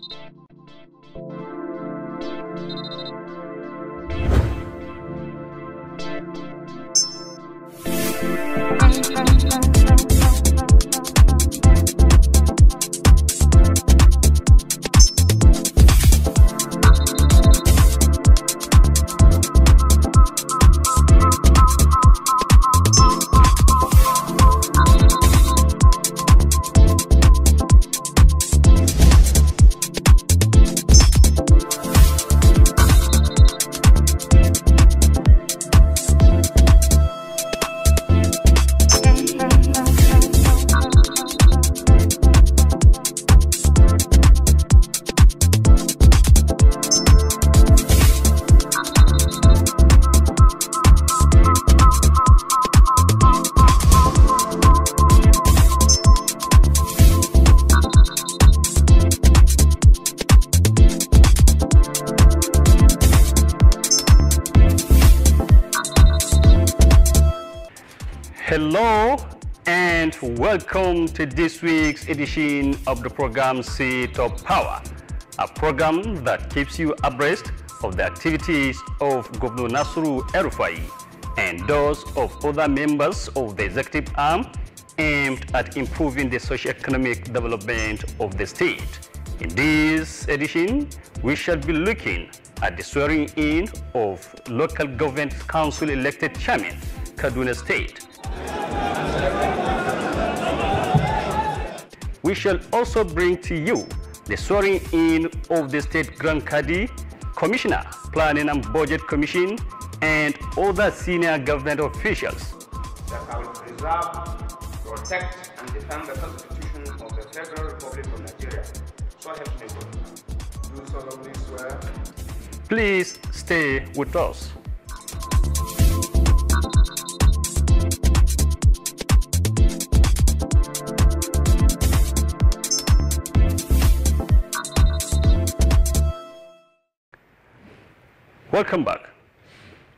Thank you. and welcome to this week's edition of the program Seat of Power, a program that keeps you abreast of the activities of Governor Nasru Erufai and those of other members of the executive arm aimed at improving the socio-economic development of the state. In this edition, we shall be looking at the swearing in of local government council elected chairman, Kaduna State, we shall also bring to you the swearing in of the State Grand Cadi, Commissioner, Planning and Budget Commission, and other senior government officials. That I will preserve, protect, and defend the Constitution of the Federal Republic of Nigeria. So help me God. Do solemnly swear. Please stay with us. Welcome back.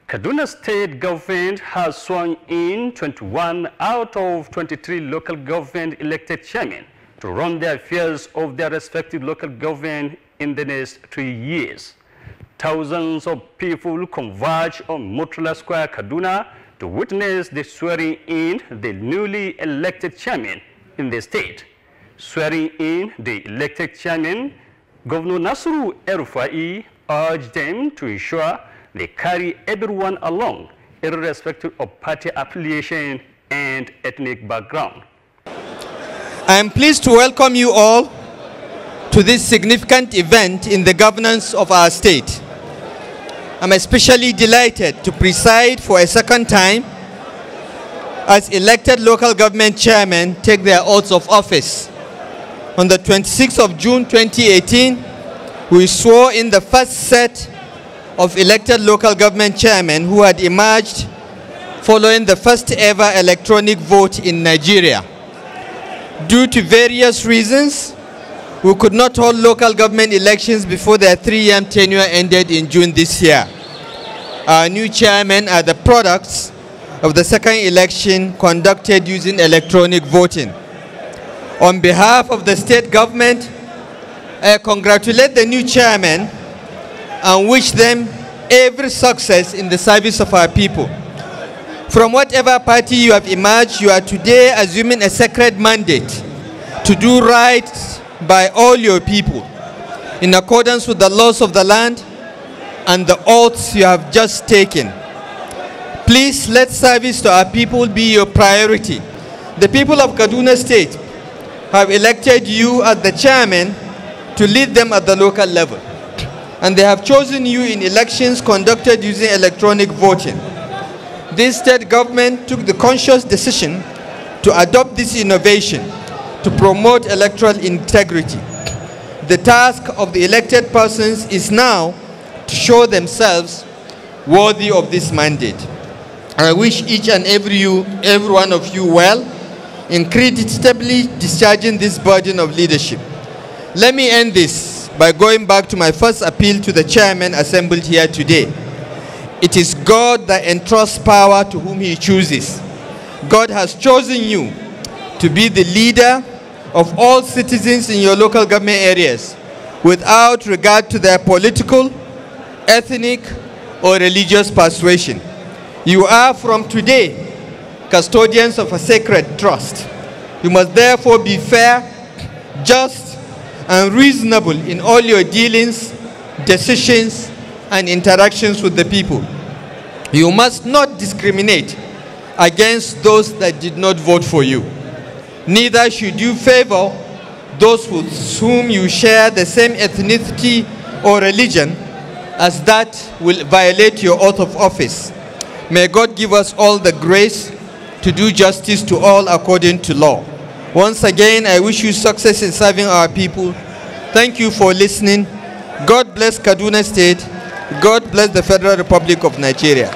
Kaduna State government has sworn in 21 out of 23 local government elected chairmen to run the affairs of their respective local government in the next three years. Thousands of people converge on Motula Square, Kaduna to witness the swearing in the newly elected chairman in the state. Swearing in the elected chairman, Governor Nasru Erufai Urge them to ensure they carry everyone along, irrespective of party affiliation and ethnic background. I am pleased to welcome you all to this significant event in the governance of our state. I'm especially delighted to preside for a second time as elected local government chairmen take their oaths of office on the 26th of June 2018 we swore in the first set of elected local government chairmen who had emerged following the first ever electronic vote in Nigeria. Due to various reasons, we could not hold local government elections before their three-year tenure ended in June this year. Our new chairmen are the products of the second election conducted using electronic voting. On behalf of the state government, uh, congratulate the new chairman and wish them every success in the service of our people. From whatever party you have emerged, you are today assuming a sacred mandate to do right by all your people in accordance with the laws of the land and the oaths you have just taken. Please let service to our people be your priority. The people of Kaduna State have elected you as the chairman to lead them at the local level. And they have chosen you in elections conducted using electronic voting. This state government took the conscious decision to adopt this innovation to promote electoral integrity. The task of the elected persons is now to show themselves worthy of this mandate. And I wish each and every, you, every one of you well in creditably discharging this burden of leadership. Let me end this by going back to my first appeal to the chairman assembled here today. It is God that entrusts power to whom he chooses. God has chosen you to be the leader of all citizens in your local government areas without regard to their political, ethnic, or religious persuasion. You are from today custodians of a sacred trust. You must therefore be fair, just, and reasonable in all your dealings, decisions, and interactions with the people. You must not discriminate against those that did not vote for you. Neither should you favor those with whom you share the same ethnicity or religion as that will violate your oath of office. May God give us all the grace to do justice to all according to law. Once again, I wish you success in serving our people. Thank you for listening. God bless Kaduna State. God bless the Federal Republic of Nigeria.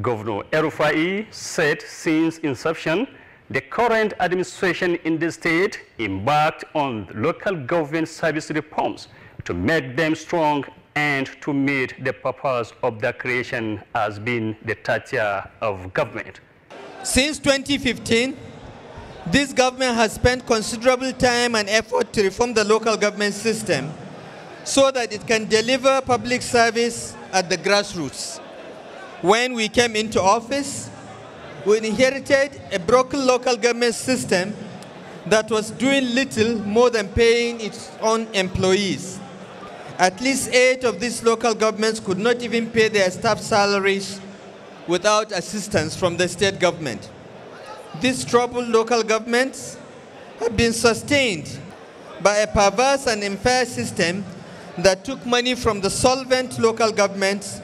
Governor Erufai said since inception, the current administration in the state embarked on local government service reforms to make them strong and to meet the purpose of their creation as being the third of government. Since 2015, this government has spent considerable time and effort to reform the local government system so that it can deliver public service at the grassroots. When we came into office, we inherited a broken local government system that was doing little more than paying its own employees. At least eight of these local governments could not even pay their staff salaries without assistance from the state government. These troubled local governments have been sustained by a perverse and unfair system that took money from the solvent local governments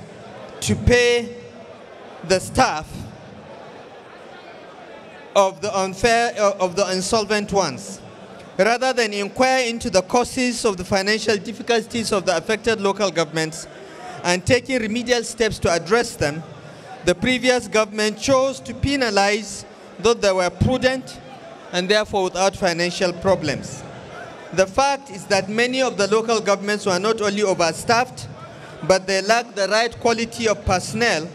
to pay the staff of the unfair uh, of the insolvent ones rather than inquire into the causes of the financial difficulties of the affected local governments and taking remedial steps to address them the previous government chose to penalize though they were prudent and therefore without financial problems. The fact is that many of the local governments were not only overstaffed, but they lacked the right quality of personnel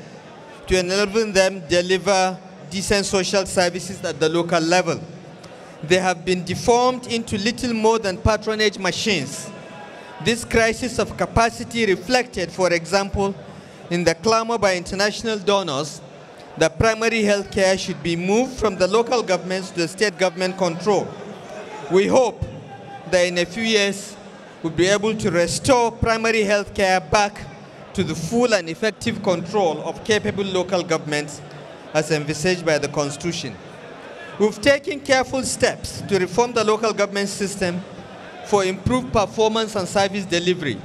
to enable them deliver decent social services at the local level. They have been deformed into little more than patronage machines. This crisis of capacity reflected, for example, in the clamor by international donors the primary health care should be moved from the local governments to the state government control. We hope that in a few years we'll be able to restore primary health care back to the full and effective control of capable local governments as envisaged by the Constitution. We've taken careful steps to reform the local government system for improved performance and service delivery.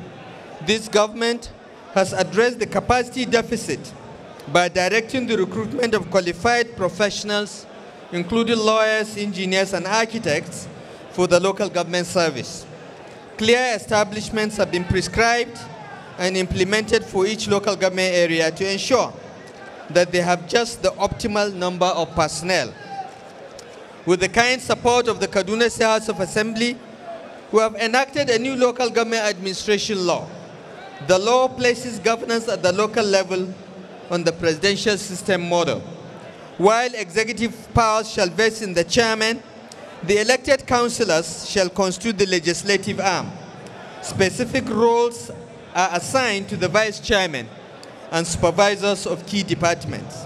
This government has addressed the capacity deficit by directing the recruitment of qualified professionals, including lawyers, engineers, and architects for the local government service. Clear establishments have been prescribed and implemented for each local government area to ensure that they have just the optimal number of personnel. With the kind support of the Kaduna State House of Assembly, we have enacted a new local government administration law. The law places governance at the local level on the presidential system model. While executive powers shall vest in the chairman, the elected councillors shall constitute the legislative arm. Specific roles are assigned to the vice chairman and supervisors of key departments.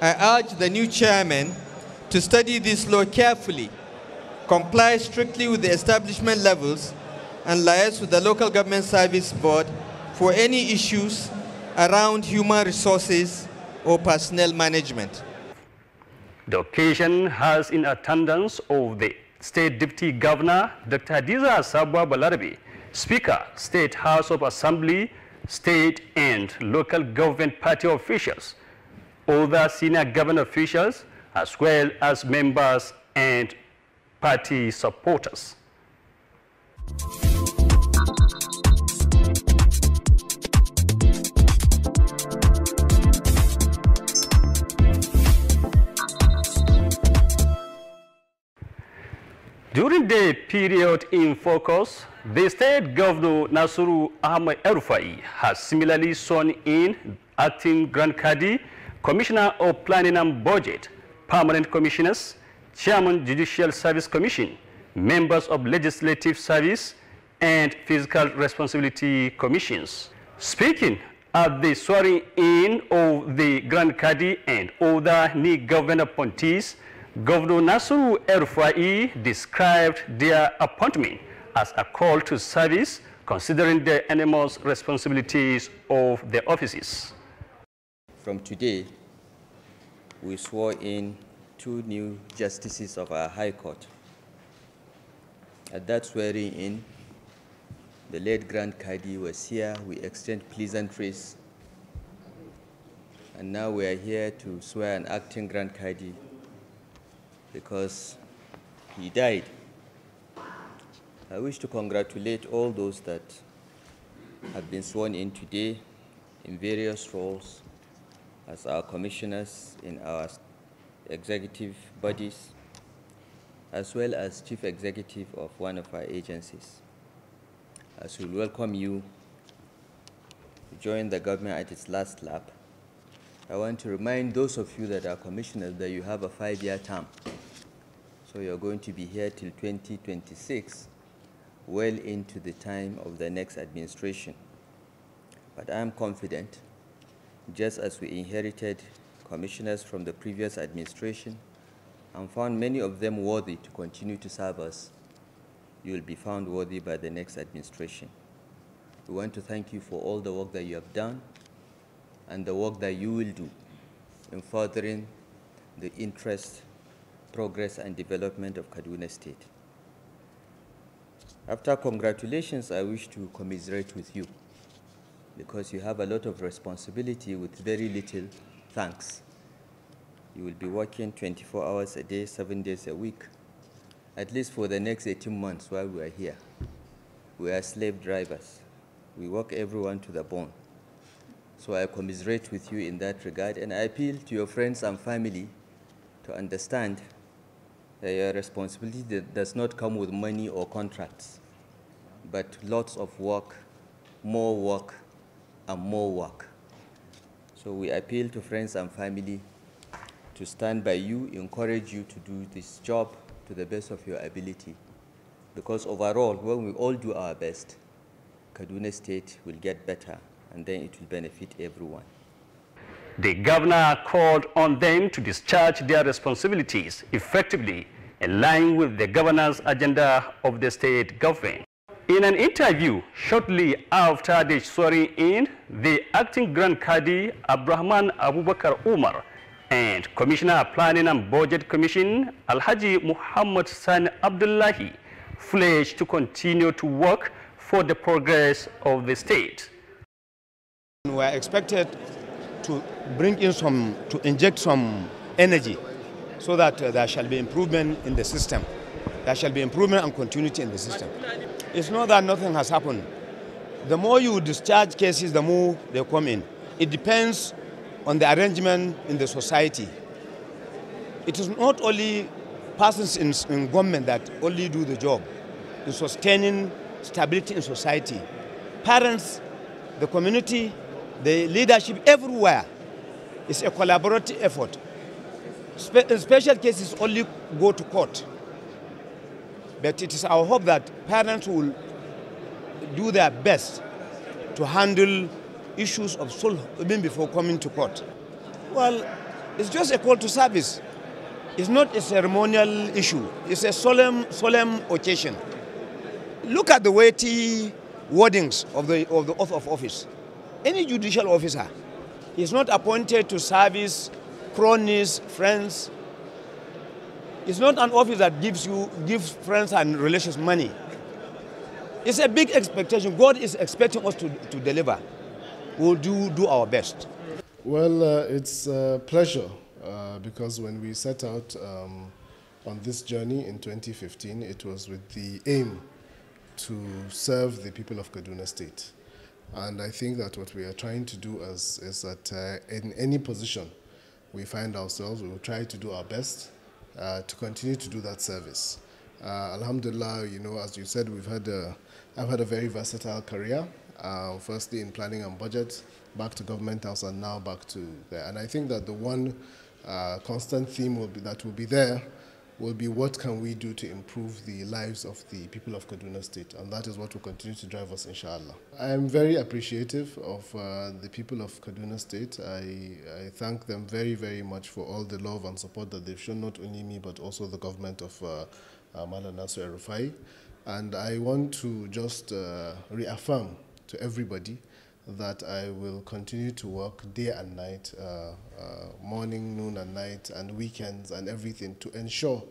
I urge the new chairman to study this law carefully, comply strictly with the establishment levels, and liaise with the local government service board for any issues around human resources or personnel management. The occasion has in attendance of the State Deputy Governor, Dr. Diza Sabwa Balarabi, Speaker, State House of Assembly, state and local government party officials, other senior government officials, as well as members and party supporters. three-day period in focus, the state governor Nasuru Ahmed Erufai has similarly sworn in acting Grand Kadi, Commissioner of Planning and Budget, Permanent Commissioners, Chairman Judicial Service Commission, members of Legislative Service and Physical Responsibility Commissions. Speaking at the swearing in of the Grand Kadi and other new government appointees, Governor Nasru el described their appointment as a call to service considering the enormous responsibilities of the offices. From today, we swore in two new justices of our High Court. At that swearing in, the late Grand Kadi was here. We exchanged pleasantries. And now we are here to swear an acting Grand Kadi because he died. I wish to congratulate all those that have been sworn in today in various roles as our commissioners in our executive bodies, as well as chief executive of one of our agencies. As we welcome you to join the government at its last lap, I want to remind those of you that are commissioners that you have a five-year term. So you're going to be here till 2026, well into the time of the next administration. But I am confident, just as we inherited commissioners from the previous administration and found many of them worthy to continue to serve us, you will be found worthy by the next administration. We want to thank you for all the work that you have done and the work that you will do in furthering the interests progress and development of Kaduna State. After congratulations, I wish to commiserate with you because you have a lot of responsibility with very little thanks. You will be working 24 hours a day, seven days a week, at least for the next 18 months while we are here. We are slave drivers. We work everyone to the bone. So I commiserate with you in that regard, and I appeal to your friends and family to understand your responsibility that does not come with money or contracts, but lots of work, more work, and more work. So we appeal to friends and family to stand by you, encourage you to do this job to the best of your ability. Because overall, when we all do our best, Kaduna State will get better and then it will benefit everyone. The governor called on them to discharge their responsibilities effectively in line with the governor's agenda of the state government. In an interview shortly after the swearing-in, the acting Grand Kadi Abrahman Abubakar Umar and Commissioner Planning and Budget Commission Alhaji Muhammad San Abdullahi pledged to continue to work for the progress of the state. We are expected to bring in some, to inject some energy so that uh, there shall be improvement in the system. There shall be improvement and continuity in the system. It's not that nothing has happened. The more you discharge cases, the more they come in. It depends on the arrangement in the society. It is not only persons in, in government that only do the job in sustaining stability in society. Parents, the community, the leadership everywhere it's a collaborative effort. Spe in special cases only go to court. But it is our hope that parents will do their best to handle issues of soul even before coming to court. Well, it's just a call to service. It's not a ceremonial issue. It's a solemn, solemn occasion. Look at the weighty wordings of the, of the oath of office. Any judicial officer He's not appointed to service cronies, friends. It's not an office that gives you gives friends and relations money. It's a big expectation. God is expecting us to, to deliver. We'll do, do our best. Well, uh, it's a pleasure uh, because when we set out um, on this journey in 2015, it was with the aim to serve the people of Kaduna State. And I think that what we are trying to do is, is that uh, in any position we find ourselves, we will try to do our best uh, to continue to do that service. Uh, Alhamdulillah, you know, as you said, we've had a, I've had a very versatile career. Uh, firstly in planning and budget, back to government house, and now back to there. And I think that the one uh, constant theme will be, that will be there will be what can we do to improve the lives of the people of Kaduna State, and that is what will continue to drive us, inshallah. I am very appreciative of uh, the people of Kaduna State. I, I thank them very, very much for all the love and support that they've shown, not only me, but also the government of uh, uh, Mala Rufai. And I want to just uh, reaffirm to everybody that I will continue to work day and night, uh, uh, morning, noon, and night, and weekends, and everything to ensure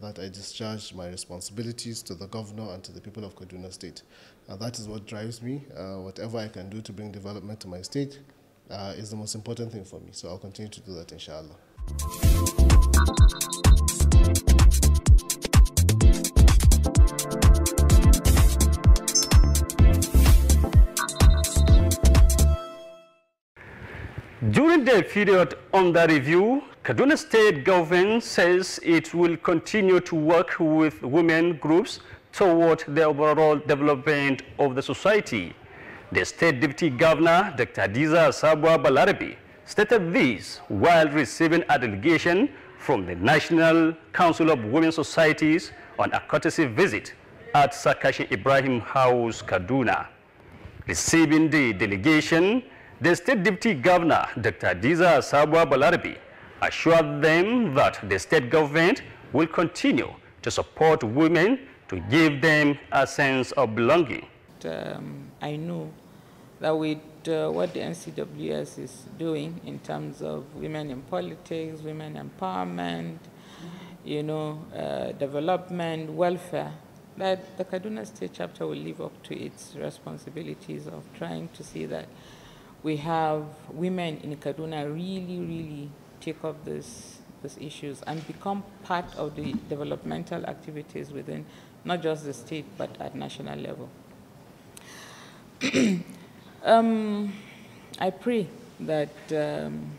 that I discharge my responsibilities to the governor and to the people of Kaduna State. Uh, that is what drives me. Uh, whatever I can do to bring development to my state uh, is the most important thing for me. So I'll continue to do that, inshallah. During the period under review, Kaduna State government says it will continue to work with women groups toward the overall development of the society. The state deputy governor, Dr. Adiza Sabwa Balarabi, stated this while receiving a delegation from the National Council of Women Societies on a courtesy visit at Sakashi Ibrahim House, Kaduna. Receiving the delegation, the state deputy governor, Dr. Diza Sabwa Balarabi, assured them that the state government will continue to support women to give them a sense of belonging. Um, I know that with uh, what the NCWS is doing in terms of women in politics, women empowerment, you know, uh, development, welfare, that the Kaduna State chapter will live up to its responsibilities of trying to see that we have women in Kaduna really, really take up this, these issues and become part of the developmental activities within not just the state but at national level. um, I pray that um,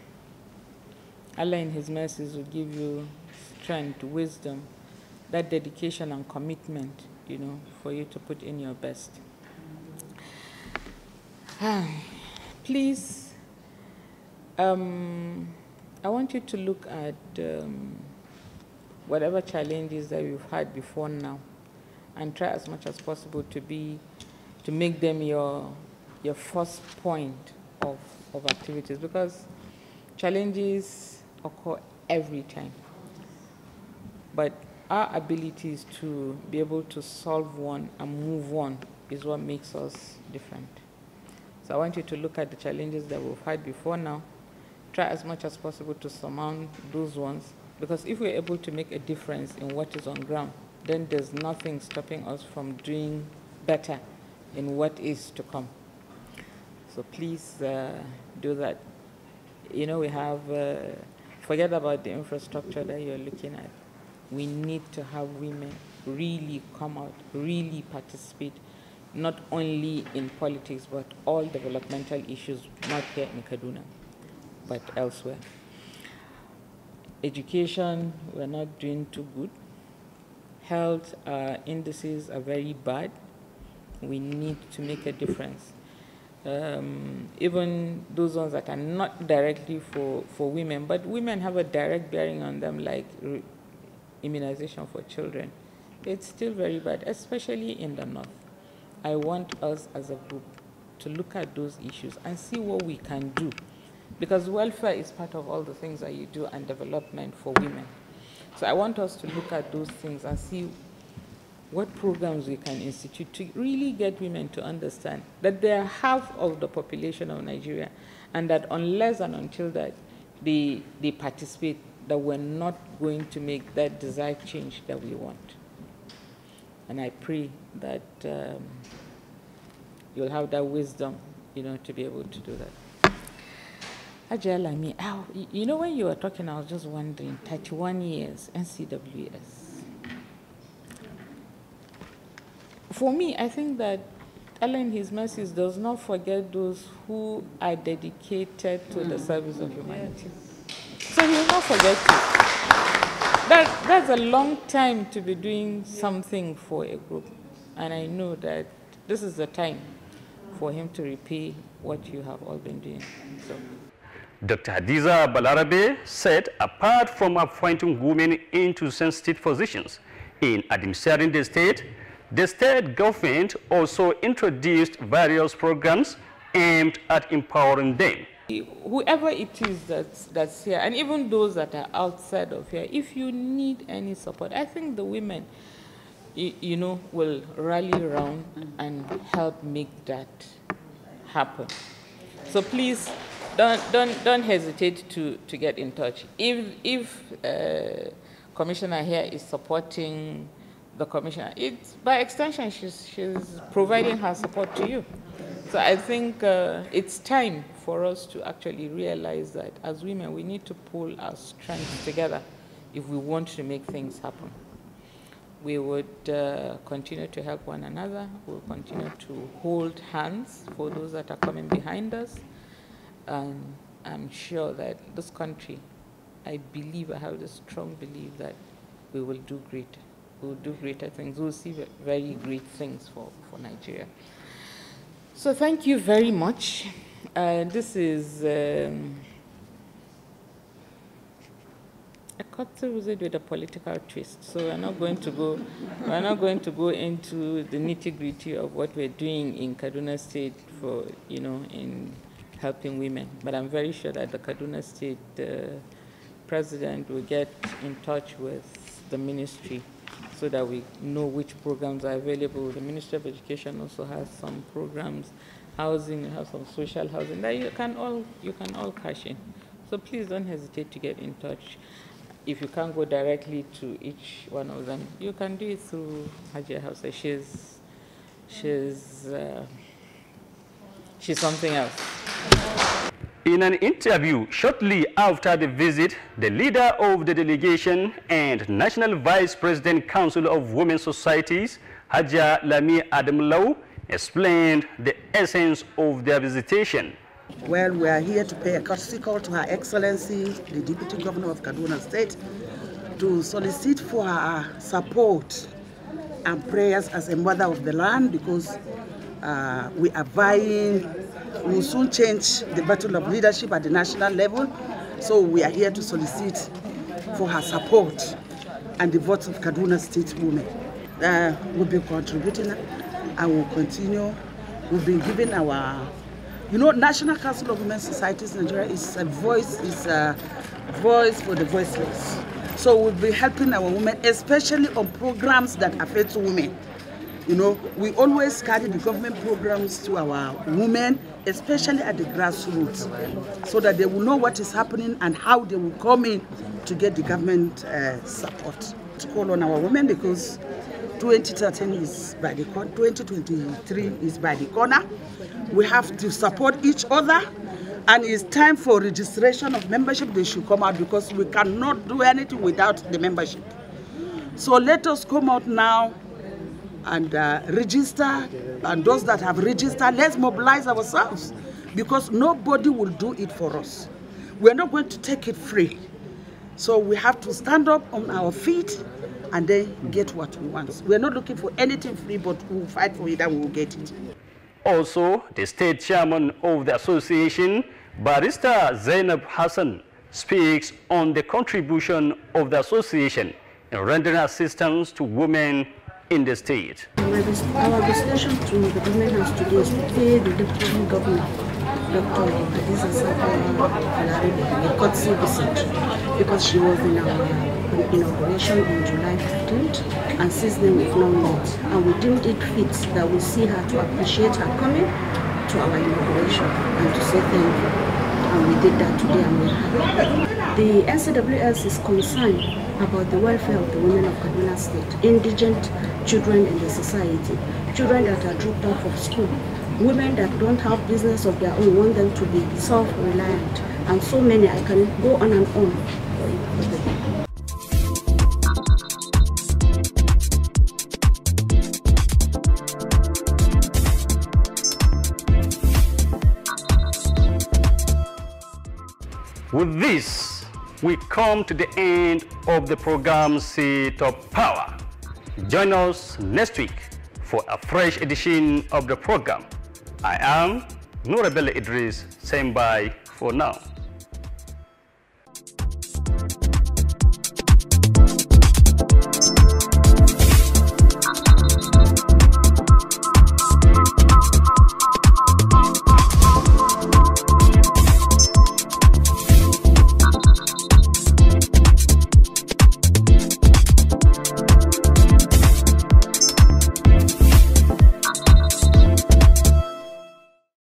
Allah in His mercies will give you strength, wisdom, that dedication and commitment, you know, for you to put in your best. please, um, I want you to look at um, whatever challenges that you've had before now and try as much as possible to be, to make them your, your first point of, of activities because challenges occur every time. But our abilities to be able to solve one and move on is what makes us different. So I want you to look at the challenges that we've had before now. Try as much as possible to surmount those ones. Because if we're able to make a difference in what is on ground, then there's nothing stopping us from doing better in what is to come. So please uh, do that. You know, we have, uh, forget about the infrastructure that you're looking at. We need to have women really come out, really participate, not only in politics but all developmental issues, not here in Kaduna, but elsewhere. Education, we're not doing too good. Health uh, indices are very bad. We need to make a difference. Um, even those ones that are not directly for, for women, but women have a direct bearing on them, like immunization for children. It's still very bad, especially in the north. I want us as a group to look at those issues and see what we can do. Because welfare is part of all the things that you do and development for women. So I want us to look at those things and see what programs we can institute to really get women to understand that they are half of the population of Nigeria and that unless and until that they, they participate, that we're not going to make that desired change that we want. And I pray that um, you'll have that wisdom, you know, to be able to do that. Ajay I mean, oh, you know, when you were talking, I was just wondering 31 years NCWS. For me, I think that Allah in His mercies does not forget those who are dedicated to mm. the service of humanity. Yes. So He will not forget you that, that's a long time to be doing something for a group. And I know that this is the time for him to repay what you have all been doing. So. Dr. Hadiza Balarabe said apart from appointing women into sensitive positions in administering the state, the state government also introduced various programs aimed at empowering them. Whoever it is that's, that's here, and even those that are outside of here, if you need any support, I think the women, you, you know, will rally around and help make that happen. So please, don't, don't, don't hesitate to, to get in touch. If, if uh, commissioner here is supporting the commissioner, it's by extension she's, she's providing her support to you. So I think uh, it's time for us to actually realize that as women, we need to pull our strength together if we want to make things happen. We would uh, continue to help one another. We'll continue to hold hands for those that are coming behind us. And um, I'm sure that this country, I believe, I have a strong belief that we will do great. We'll do greater things. We'll see very great things for, for Nigeria. So thank you very much. Uh, this is um, a cocktail wizard with a political twist. So we're not going to go, we're not going to go into the nitty gritty of what we're doing in Kaduna State for you know in helping women. But I'm very sure that the Kaduna State uh, president will get in touch with the ministry so that we know which programs are available. The Ministry of Education also has some programs, housing, you have some social housing that you can all you can all cash in. So please don't hesitate to get in touch. If you can't go directly to each one of them, you can do it through Hajia House. She's she's uh, she's something else. In an interview shortly after the visit, the leader of the delegation and National Vice President Council of Women Societies, Haja Lami Adamlau, explained the essence of their visitation. Well, we are here to pay a courtesy call to Her Excellency, the Deputy Governor of Kaduna State, to solicit for her support and prayers as a mother of the land because uh, we are vying we will soon change the battle of leadership at the national level. So we are here to solicit for her support and the votes of Kaduna State women. Uh, we will be contributing and will continue. We've been giving our, you know, National Council of Women Societies in Nigeria is a voice, is a voice for the voiceless. So we'll be helping our women, especially on programs that affect women. You know, we always carry the government programs to our women, especially at the grassroots, so that they will know what is happening and how they will come in to get the government uh, support. To call on our women because 2013 is by the corner, 2023 is by the corner. We have to support each other and it's time for registration of membership. They should come out because we cannot do anything without the membership. So let us come out now and uh, register, and those that have registered, let's mobilize ourselves because nobody will do it for us. We're not going to take it free. So we have to stand up on our feet and then get what we want. We're not looking for anything free, but we'll fight for it and we'll get it. Also, the state chairman of the association, Barrister Zainab Hassan, speaks on the contribution of the association in rendering assistance to women in the state. Our legislation to the government has to do is to pay the deputy governor, Dr. Adisa Sakala, a courtesy visit because she was in our inauguration on July 15th and since then we've not met and we deemed it fit that we see her to appreciate her coming to our inauguration and to say thank you and we did that today and we The NCWS is concerned about the welfare of the women of Kaduna State, indigent children in the society, children that are dropped out of school, women that don't have business of their own, want them to be self-reliant, and so many, I can go on and on. With this, we come to the end of the program Seat of Power. Join us next week for a fresh edition of the program. I am Nurabella Idris, Same bye for now.